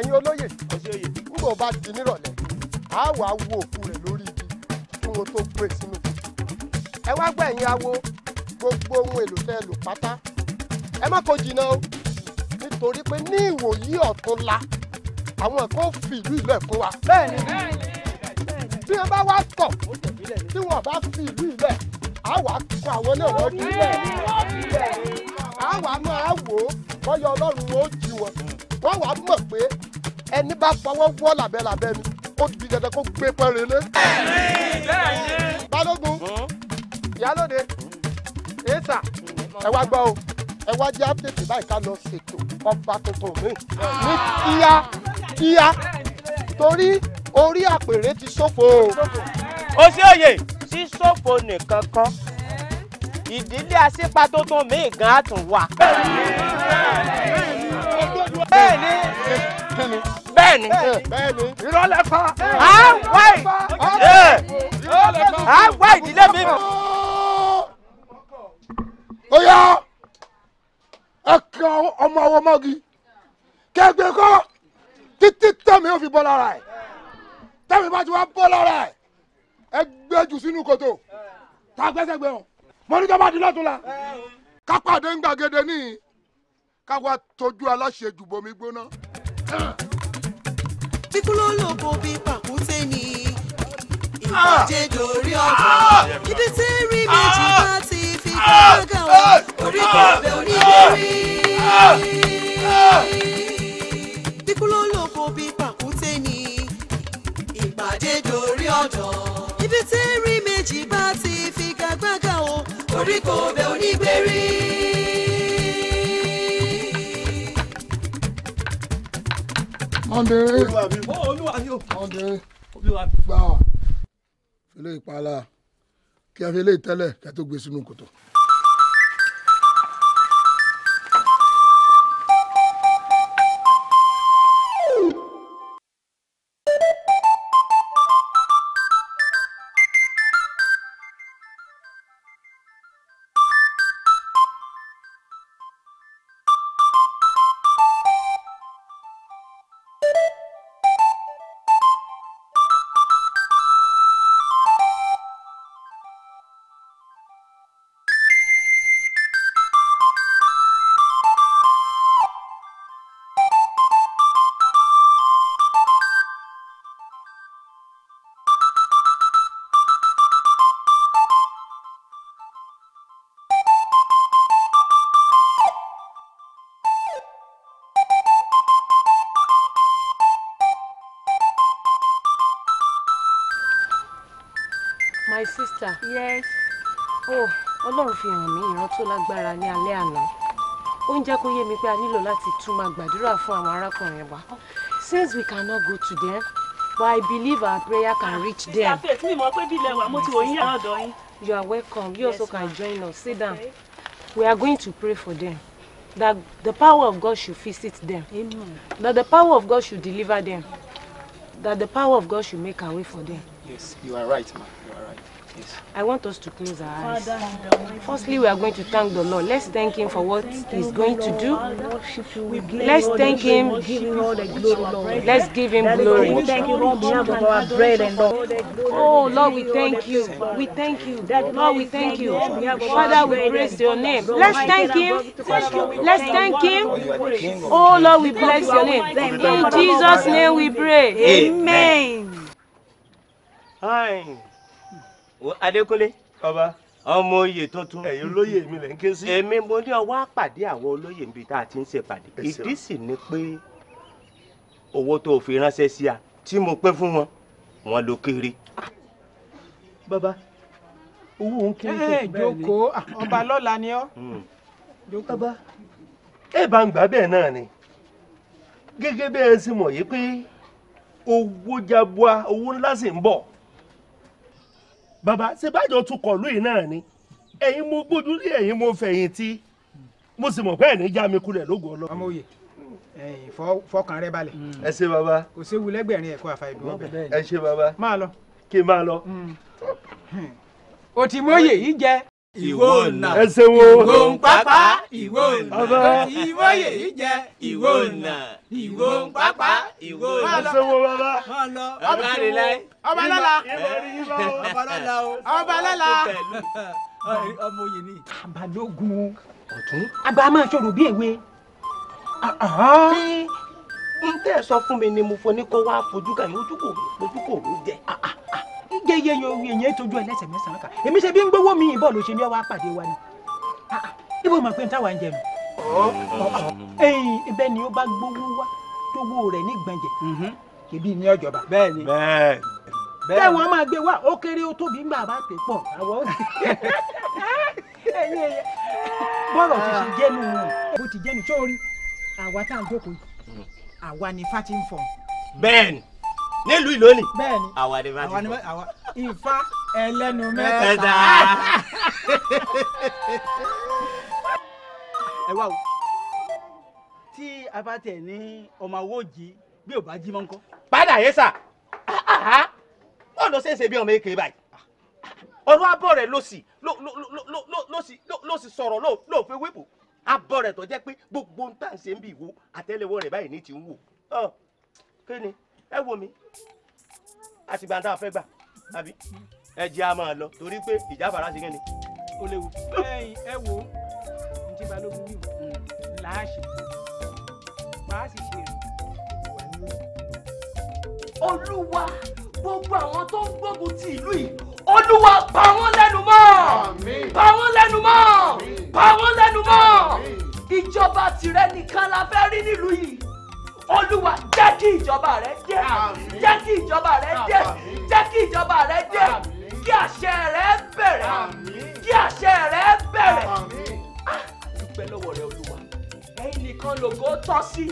ẹ̀yin olóyè nígbà bá di nírọ̀lẹ́ a wà á wo òkú rẹ̀ lórí ibi kí wọn tó gbé e sínú. ẹ wá gbọ́ ẹ̀yin awo gbogbo ohun èlò tẹ́ lò pátá ẹ má kó jìnnà o nítorí pé ní ìwòyí ọ̀túnla àwọn kan fi ìlú ìlú ẹ̀ fún wa. bẹ́ẹ̀ni tí wọn bá wá tọ̀ tí wọn bá fi ìlú ìlú ẹ̀ a wà á kó àwọn náà lọ sí ilẹ̀ a wà á máa wò ó bọ́yọ̀ ọlọ́run ó jí wọn wọ́n wà á mọ̀ pé ẹni bá fọwọ́ wọ́ làbẹ́làbẹ́ mi ó di dandan kó gbé pẹ́rẹ́lé. balógun ìyálóde ètà ẹ wá gbọ́ o ẹ wá jẹ́ àpètè báyìí ká lọ ṣètò ọba tuntun mi ní kíá kíá torí orí àpèrè ti ṣòfò. ó ṣe òye sí ṣòfò nìkan kan ìdílé aṣípa tuntun mi gan-an tún wà. bẹ́ẹ̀ ni bẹ́ẹ̀ni ìrọ̀lẹ́fà á wá ìdílé mi. ó yá ẹ kan ọmọ ọwọ́ mọ́gi kẹgbẹ́ kọ́ títí tẹ̀mí ò fi bọ́ lára ẹ̀ tẹ̀mí bá ti wá bọ́ lára ẹ̀ ẹ gbé jù sínú kòtò tá a gbẹ́sẹ̀ gbé wọn mo ní jọba àdúrà tó la kápá àdéhùn gbàgede níyì ká wá tójú aláṣẹ jùbọmi gbóná piccolo lobo bíi pàkúté ni ìbàjẹ́ dorí ọ̀gbọ̀n ibi tí rí méjì bá ti fi gbàgà wá orí kọ̀ọ̀bẹ oníbẹ̀rí. piccolo lobo bíi pàkúté ni ìbàjẹ́ dorí ọ̀dàn ibi tí rí méjì bá ti fi gbàgà wá orí kọ̀ọ̀bẹ oníbẹ̀rí. ọ̀dẹ ọ̀dẹ gbà fẹlẹ́ ìpalà kí a fẹlẹ́ ìtẹ́lẹ̀ kí a tó gbé sínú kòtò. my sister. yes. oh ọlọ́run fi hàn mí ìran tó lágbára ní alẹ́ àná ó ń jẹ́ kó yé mi pé a nílò láti tún máa gbàdúrà fún àwọn arákùnrin wa since we cannot go to them but I believe our prayer can reach them. sister faith mi mọ̀ pé bí ilẹ̀ mo ti wò yín yàrá ọ̀dọ̀ yín. you are welcome you also can join us sit down we are going to pray for them that the power of God should visit them Amen. that the power of God should deliver them that the power of God should make a way for them. yes you are right ma. I want us to close our eyes. Firstly, we are going to thank the Lord. Let's thank Him for what He's going to do. Let's thank Him. Let's oh, give Him glory. Oh, Lord, we thank you. We thank you. Oh, Lord, we thank you. Father, we praise your name. Let's thank Him. Let's thank Him. Oh, Lord, we bless your name. In Jesus' name we pray. Amen. Amen. Adékúnlé. Ọba. Ọmọ oyè tuntun. Ẹ̀yin olóyè mi lẹ̀ ń ké sí. Èmi mo ní ọwọ́ àpàdé àwọn olóyè níbi tá a ti ń ṣèpàdé. Ìdí sì ni pé owó tó fi ránṣẹ́ sí a tí mo pẹ́ fún wọn wọn ló kéré. Bàbá owó òun kéré tó eh, bẹ́ẹ̀ ni. Jókòó ah, ọba lọ́la ni ọ́. Hmm. Bàbá ẹ bá ń gbà bẹ́ẹ̀ náà ni gẹ́gẹ́ bẹ́ẹ̀ sì mọ̀ yìí pé owó jábọ́a owó ńlá sì ń bọ̀ baba ṣe bájọ tún kọ̀lú yìí náà ni ẹ̀yin mo gbójú lé ẹ̀yin mo fẹ̀yìn tí mo sì mọ̀ pé ẹ̀ já mi kulẹ̀ lógun ọlọ́run. ọmọ òye ẹ̀yin fọkàn rẹ balẹ̀. ẹ ṣe baba kò séwu lẹ́gbẹ̀rin ẹ̀kọ́ àfa ìdúró bẹ́ẹ̀. ẹ ṣe baba máa lọ. kí n máa lọ. òtí hmm. mọ́yè yìí jẹ́ ìwọ ọ̀nà ìwọ ńpápá ìwọ ọ̀nà ìwọ yèyí jẹ ìwọ ọ̀nà ìwọ ńpápá ìwọ ọ̀nà. ọ̀sẹ̀wò bàbá ọba nílá ọba lọ́la ọba lọ́la ọba lọ́la ọmọ òye ni. àbálógun ọ̀tún àgbà máa ṣòro bí èwe. n tẹ́ ẹ sọ fún mi ni mo fọ ní kó wá fojú kan ojú kò ojú kò jẹ kéye èèyàn ètòjú ẹlẹ́sẹ̀ mẹ́sàn-án kà èmi ṣe bí ń gbowó mi ìbọ̀ ló ṣe ní ọwọ́ àpàdé wa ni ah, ah, ibo mọ̀ pé ń táwa ń jẹ nù. ẹyìn ni ó bá gbowó wá tówó rẹ̀ ní gbọ̀njẹ̀ kébí mhm. ní ọjọba. bẹ́ẹ̀ni bẹ́ẹ̀ wọ́n máa gbé wá ó kéré ó tóbi ńgbà bá pè pọ̀ àwọn ò bọ́rọ̀ ti ṣe jẹ́nu bó ti jẹ́nu sórí àwa tá à ń jókòó mm. àwa ni fati ń fọ̀ nílùú ìlónì. bẹ́ẹ̀ni àwa ni bá ti bọ ifá ẹlẹ́nu mẹ́ta. ẹ wá o tí a bá tẹ̀ ní ọmọ awójì bí ò bá jí mọ́ padà yé sà bọ́ọ̀lù ṣe é bí ọmọ èké báyìí ọ̀rọ̀ abọ́ rẹ̀ ló sì sọ̀rọ̀ lóòfin wípò abọ́ rẹ̀ tó jẹ́ pé gbogbo ń tà ṣe ń bì wò àtẹ́lẹwọ́ rẹ̀ báyìí ní ti ń wò kí ni ẹ wo mi àtìgbà tá a fẹ́ gbà àbí ẹ jẹ́ a máa lọ torí pé ìjáfara ṣe kẹ́ni ó léwu. ẹ̀yin ẹ wo ǹjẹ́ balógun wíwò làásì màá sì ṣe èrò. olúwa gbogbo àwọn tó ń gbógun ti ìlú yìí olúwa pa wọ́n lẹ́nu mọ́ pa wọ́n lẹ́nu mọ́ pa wọ́n lẹ́nu mọ́ ìjọba tìrẹ nìkan la fẹ́ rí nílùú yìí olúwa jẹ́ kí ìjọba rẹ dé jẹ́ kí ìjọba rẹ dé jẹ́ kí ìjọba rẹ dé kí àṣẹ rẹ bẹ̀rẹ̀ kí àṣẹ rẹ bẹ̀rẹ̀ àdúpẹ́ lọ́wọ́ rẹ olúwa ẹ̀yin nìkan lògo tọ́ sí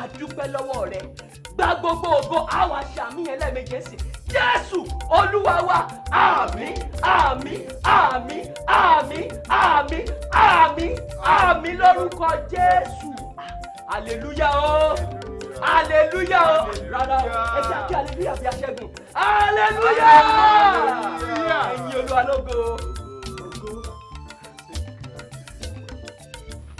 àdúpẹ́ lọ́wọ́ rẹ gba gbogbo ògo àwọn àṣàmì ẹlẹ́mẹjẹ sí jésù olúwa wa àmín àmín àmín àmín àmín àmín àmín lórúkọ jésù hallelujah o. Oh aleluya o rárá ẹ jẹ́ kí aleluya bí aṣẹ́gun aleluya ẹ̀yin olúwa lógo.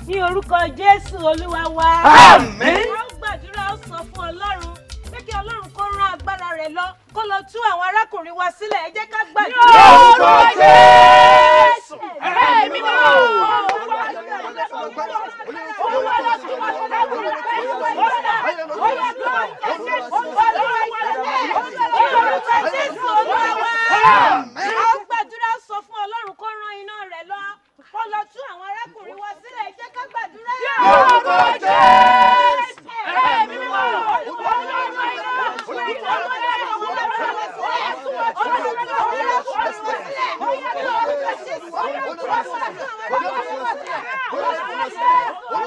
ní orúkọ jésù olúwa wa àmín. a ó gbàdúrà ó sọ fún ọlọ́run pé kí ọlọ́run kó rán agbára rẹ̀ lọ kó lọ tú àwọn arákùnrin wa sílẹ̀ ẹ jẹ́ ká gbàdúrà. ní orúkọ jésù ẹ̀mí mọ́. ó wà lọ́sọ̀rọ̀ ó wà oh sọ fún ọlọ́run kó rán iná rẹ̀ lọ kó lọ tú àwọn arákùnrin wa sílẹ̀ jẹ́ ká gbàdúrà. yóò kó jésù ẹ̀mí wà ọlọ́run ọlọ́run ọlọ́run sílẹ̀.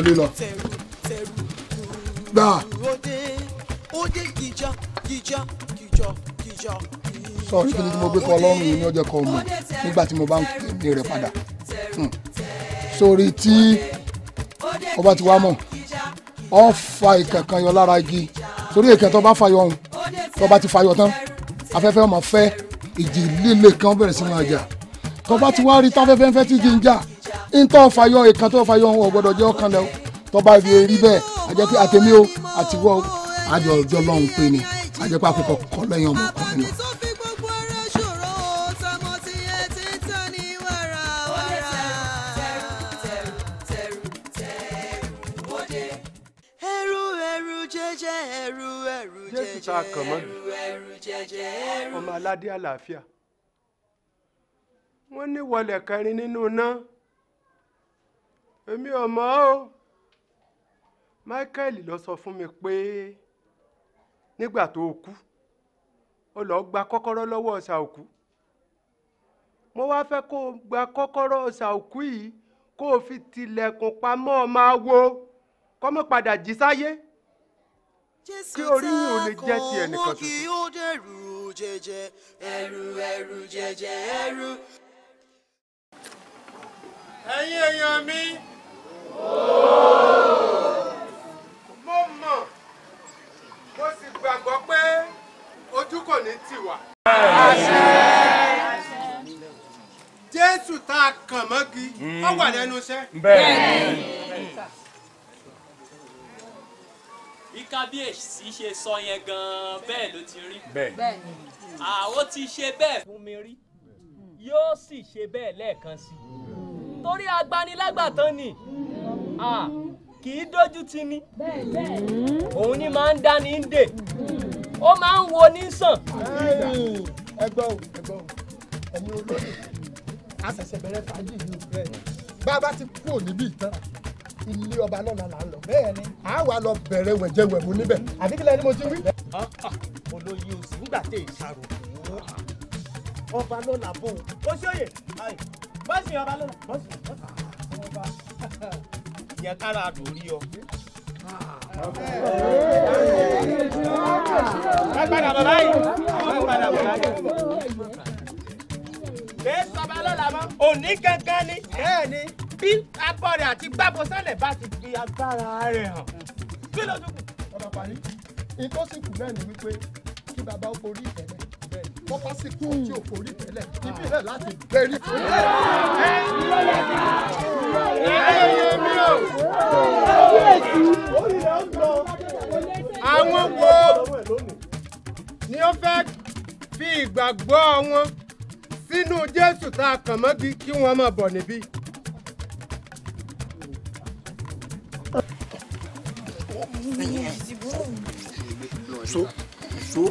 wọlé lọ. gbà. sọ̀rí kìíní tí mo gbé kọ ọlọ́run yìí ní ọjọ́ kan mi nígbà tí mo bá ń pè rẹ̀ padà hmm. sórí tí ọba ti wá mọ̀ ọ fa ìkẹ̀kan yọ lára igi sórí ìkẹ̀ tó bá fàyọ ọ̀hún tó bá ti fàyọ tán afẹ́fẹ́ ọmọ fẹ́ ìjì líle kan bẹ̀rẹ̀ sí máa jà tó bá ti wá rí táfẹ́fẹ́ ń fẹ́ tí igi ń jà ntọ́ fàyọ ìkan tó fàyọ ohun ọ̀gbọ́dọ̀ jẹ́ ọkàn lẹ́wọ́ tọ́ba ibi rí bẹ́ẹ̀ àjẹ́ pé àtẹ̀mí o àtiwọ́ àjọ ìjọ lọ́hùn pé ni àjẹ́ pé àkókò kọ́ lẹ́yìn ọmọkùnrin náà. jésù ta kàn mọ́ ọmọ aládé àlàáfíà wọ́n ní wọlé kẹrin nínú náà èmi ò mọ̀ o Michael ló sọ fún mi pé nígbà tó kú ó lọ gba kọ́kọ́rọ́ lọ́wọ́ ọ̀sà òkú mo wá fẹ́ kó gba kọ́kọ́rọ́ ọ̀sà òkú yìí kó o fi tilẹ̀kùn pamọ́ ọmọ awo kọ́mọ́ padà jí sáyé kí oríyìn ò lè jẹ́ ti ẹnìkan tuntun. ẹ̀yin èèyàn mi mo mọ̀ mo sì gbàgbọ́ pé ojú kò ní tì wá. jésù tá a kàn mọ́gi ó wà lẹ́nu iṣẹ́. bí kábíyèsí ṣe sọ yẹn gan-an bẹ́ẹ̀ ló ti rí. bẹ́ẹ̀ àwọn ti ṣe bẹ́ẹ̀ fún mi rí yóò sì ṣe bẹ́ẹ̀ lẹ́ẹ̀kan sí i torí agbanilágbà ni. Mm. Ah. Mm. kì í dójú tì ni mm. òun ni máa ń dání ń dè mm. ó máa ń wo ní sàn. ẹ gbọ́ o ẹ gbọ́ o ẹ̀yin olóyè a ṣẹ̀ṣẹ̀ bẹ̀rẹ̀ fàájì yìí rẹ̀ bá a bá ti kúrò níbí ìtàn ilé ọba náà là ń lọ bẹ́ẹ̀ ni a wà lọ bẹ̀rẹ̀ wẹ̀jẹwẹ̀mu níbẹ̀ àdìgílẹ̀ ni mo ti wí. olóyè oṣù nígbà tẹ ìṣàrò ọba lọ́la bò ó ṣòye bọ́sì ọba lọ́la bọ́sì ọba yẹn kára lórí ọ. lágbàdà bàbá yìí lágbàdà bàbá yìí. bẹ́ẹ̀ sọba lọ́la mọ́. òní gangan ni. bẹ́ẹ̀ ni. bí abọ́rẹ̀ àti gbàbọ̀ sálẹ̀ bá ti fi agbára rẹ̀ hàn. kí ló dùn. bàbá parí ikọ́ sì kù náà ni wípé kí bàbá ó borí ìtẹ́lẹ̀ tó bá sì kú tí ò forí tẹ́lẹ̀ ibi rẹ̀ láti bẹ́rí fún mi. ẹyẹ mi o àwọn wo ni ó fẹ́ fi ìgbàgbọ́ wọn sínú Jésù tá a kàn mọ́gi kí wọ́n máa bọ̀ níbí. so so.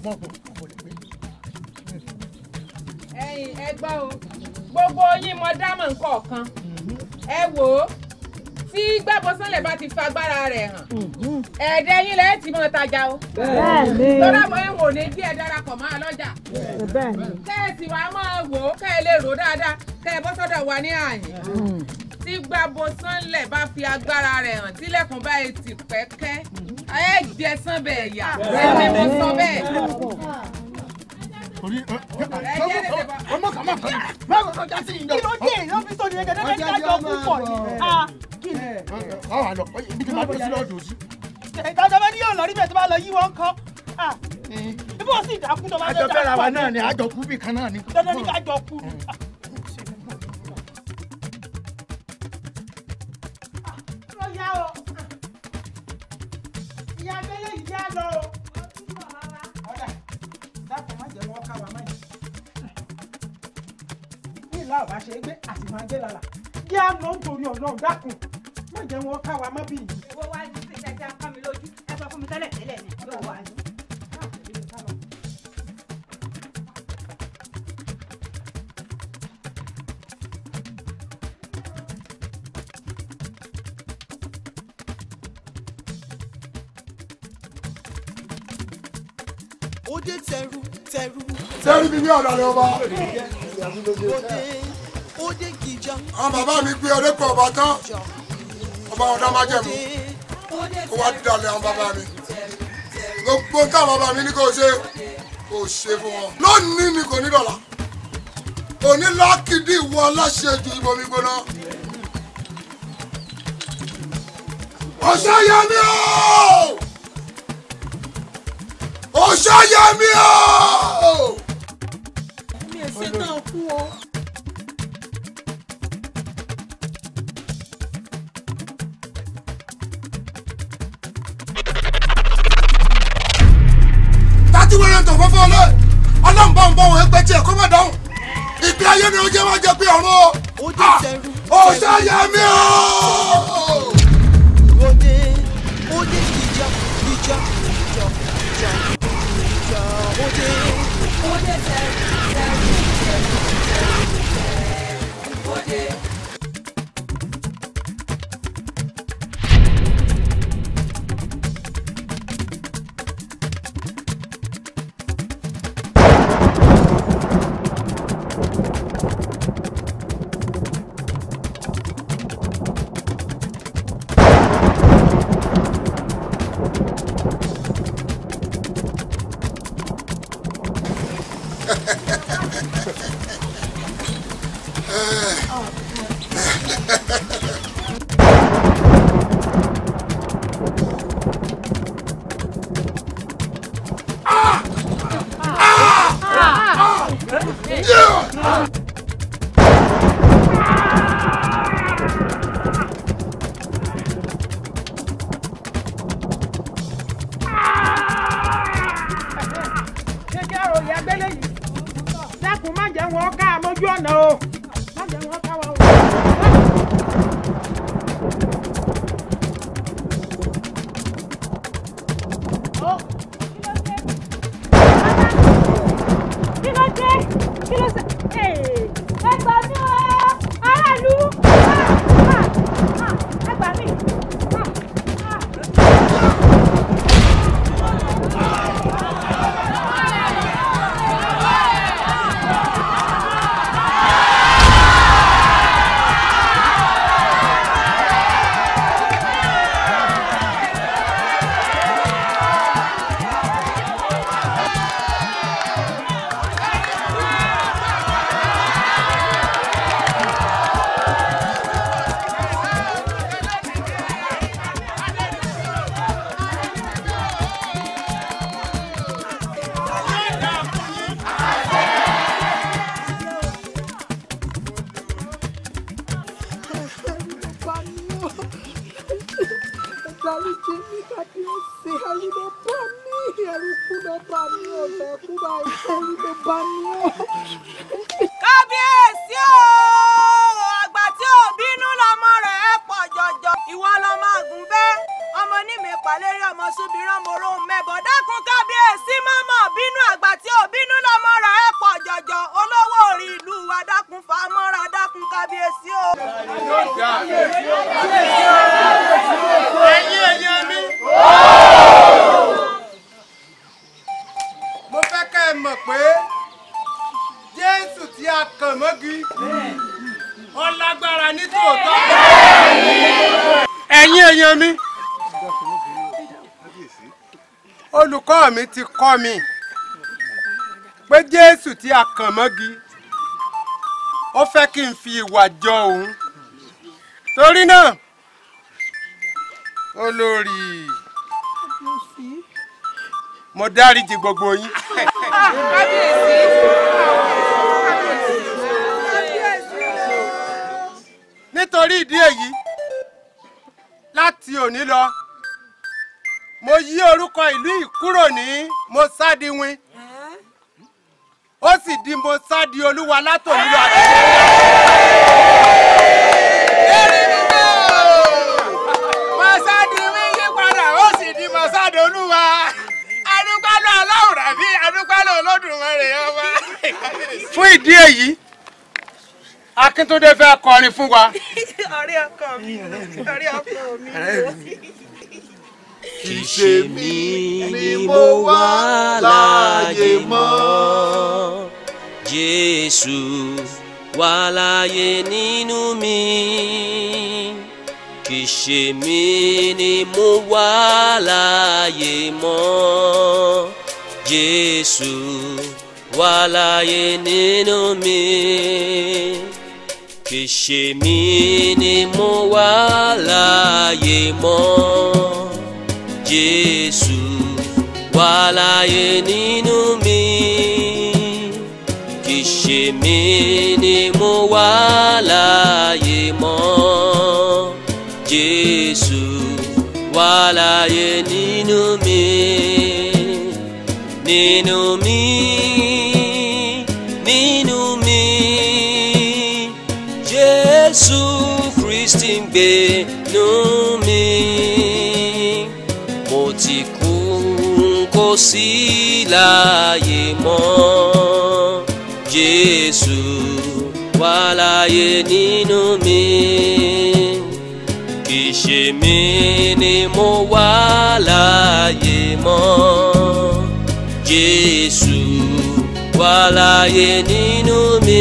ọgbọ́n kò kò lè pé. ẹ̀yin ẹ gbọ́ o gbogbo yín mọ dámọ̀ nǹkan ẹ wò ó tí gbàbọ̀sánlẹ̀ bá ti fa agbára rẹ̀ hàn ẹ̀ẹ́dẹ́ yín lẹ́yìn tí mo tajà o lọ́dọ̀ mọ́ ẹ̀wò ní bí ẹ darapọ̀ máa lọ́jà kẹ́ẹ̀sì wa máa wò ó kẹ́ ẹ lè rò dáadáa kẹ́ ẹ bọ́ sọ́dọ̀ wa ní àyìn hmm. tí gbàbọ̀sánlẹ̀ bá fi agbára rẹ̀ hàn tílẹ̀kùn báyìí ti pẹ́kẹ́ ẹ jẹ sán ah. bẹ́ẹ̀ yà ẹ mọ sọ bẹ́ẹ̀. torí ọmọ kan máa kọ́ ni báwo ló já sí ìjọ. kí ló dé lọ́fíìsì òní ẹ̀jẹ̀ dẹ́gbẹ́ dájọ́ púpọ̀ ah, ah, ni. ọ̀ eh, eh, eh, àlọ́ ibi tí màá bọ̀ sílẹ̀ ọ̀dọ̀ sí. ìdájọ́ bá ní yóò lọ níbẹ̀ tó bá lọ yí wọn kọ́ ibo sì dákú tó bá jẹ́ dákú. àjọ bẹ́ẹ̀ ra wa náà ni àjọ kú bì kan náà ni. dandan ni ká jọ kú. lọ́yà o. bá ṣe é gbé àti máa gbé lálà kí á lọ nítorí ọlọ́run dákun má jẹ́ wọn wa mọ́ bí yìí. owó wa ní ṣe jẹjẹ apá mi lójú ẹ sọ fún mi tẹ́lẹ̀ tẹ́lẹ̀ ni yóò wá ní. tẹrù tẹrù. tẹrù mi ní ọ̀dà ni àwọn bàbá mi gbé ọdẹ pọ̀ ọba tán ọba ọ̀dà má jẹ̀mú kó wá dídàlẹ̀ àwọn bàbá mi gbogbo táwọn bàbá mi ní kò ṣe kò ṣe fún wọn lónìí ni kò ní dọ̀là òní lákìdí ìwọ aláṣẹjù ìbomi gbóná ọ̀ṣayẹmí o ọ̀ṣayẹmí o. lọ́wọ́ mi pé Jésù tí a kàn mọ́gi ó fẹ́ kí n fi ìwà jọ òun torí náà olórí mo dáríjì gbogbo yín. nítorí ìdí èyí láti òní lọ mo yí orúkọ ìlú yìí kúrò ní mo sá di win ó sì di mo sá di olúwa látòun lọ àti fún ìdí èyí akíntúndé fẹ́ kọrin fún wa. ọ̀rẹ́ ọkọ mi ọ̀rẹ́ ọkọ mi kì í ṣe mí ni mo wà láàyè mọ́ Jésù wà láàyè nínú mi kì í ṣe mí ni mo wà láàyè mọ́ Jésù wà láàyè nínú mi kì í ṣe mí ni mo wà láàyè mọ́. Jésù wà láyé nínú mi kì í ṣe mí ni mo wà láyé mọ́ Jésù wà láyé nínú mi nínú mi. sí láàyè mọ́ Jésù wà láàyè nínú mi kì í ni mo wà láàyè mọ́ Jésù wà láàyè nínú mi.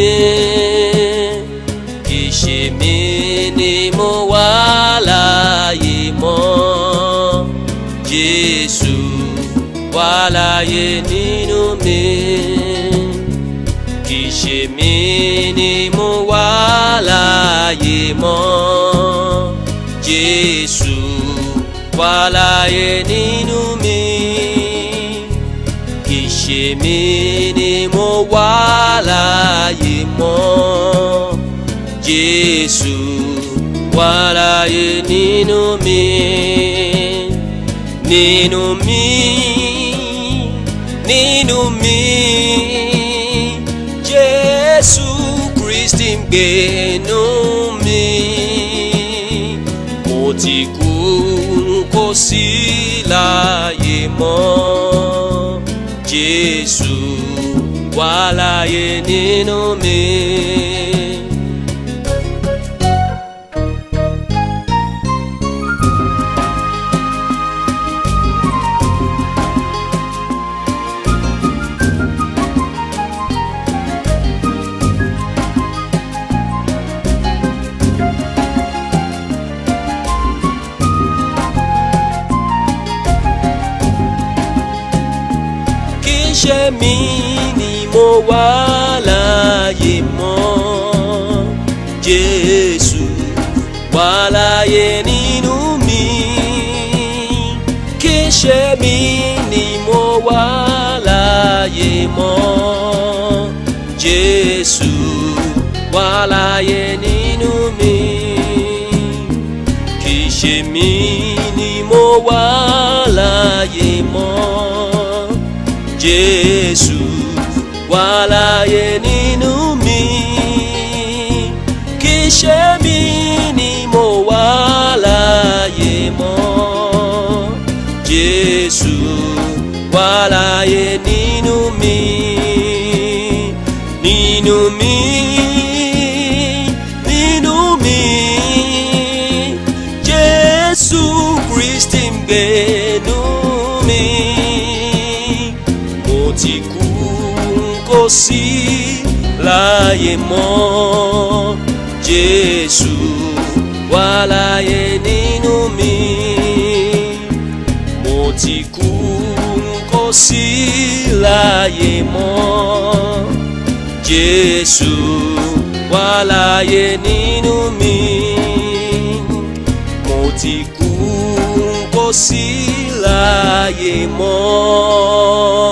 láàyè nínú mi kì í ṣe mí ni mo wà láàyè mọ́ Jésù wà láàyè nínú mi kì í ṣe mí ni mo wà láàyè mọ́ Jésù wà láàyè nínú mi nínú mi nínú mi Jésù Kristi ń gbé nínú mi mo ti kú kò sí láàyè mọ́ Jésù wà láàyè nínú mi. wà láàyè mọ́ Jésù wà láàyè nínú mi kì ṣe mi ni mo wà láàyè mọ́ Jésù wà láàyè nínú mi kì ṣe mi ni mo wà láàyè mọ́ Jésù wà láàyè nínú mi kì í ṣe mi mo wà láàyè mọ́ sí láàyè mọ́ Jésù wà láàyè nínú mi mo ti kú kò sí láàyè mọ́ Jésù wà láàyè nínú mi mo ti kú kò sí láàyè mọ́.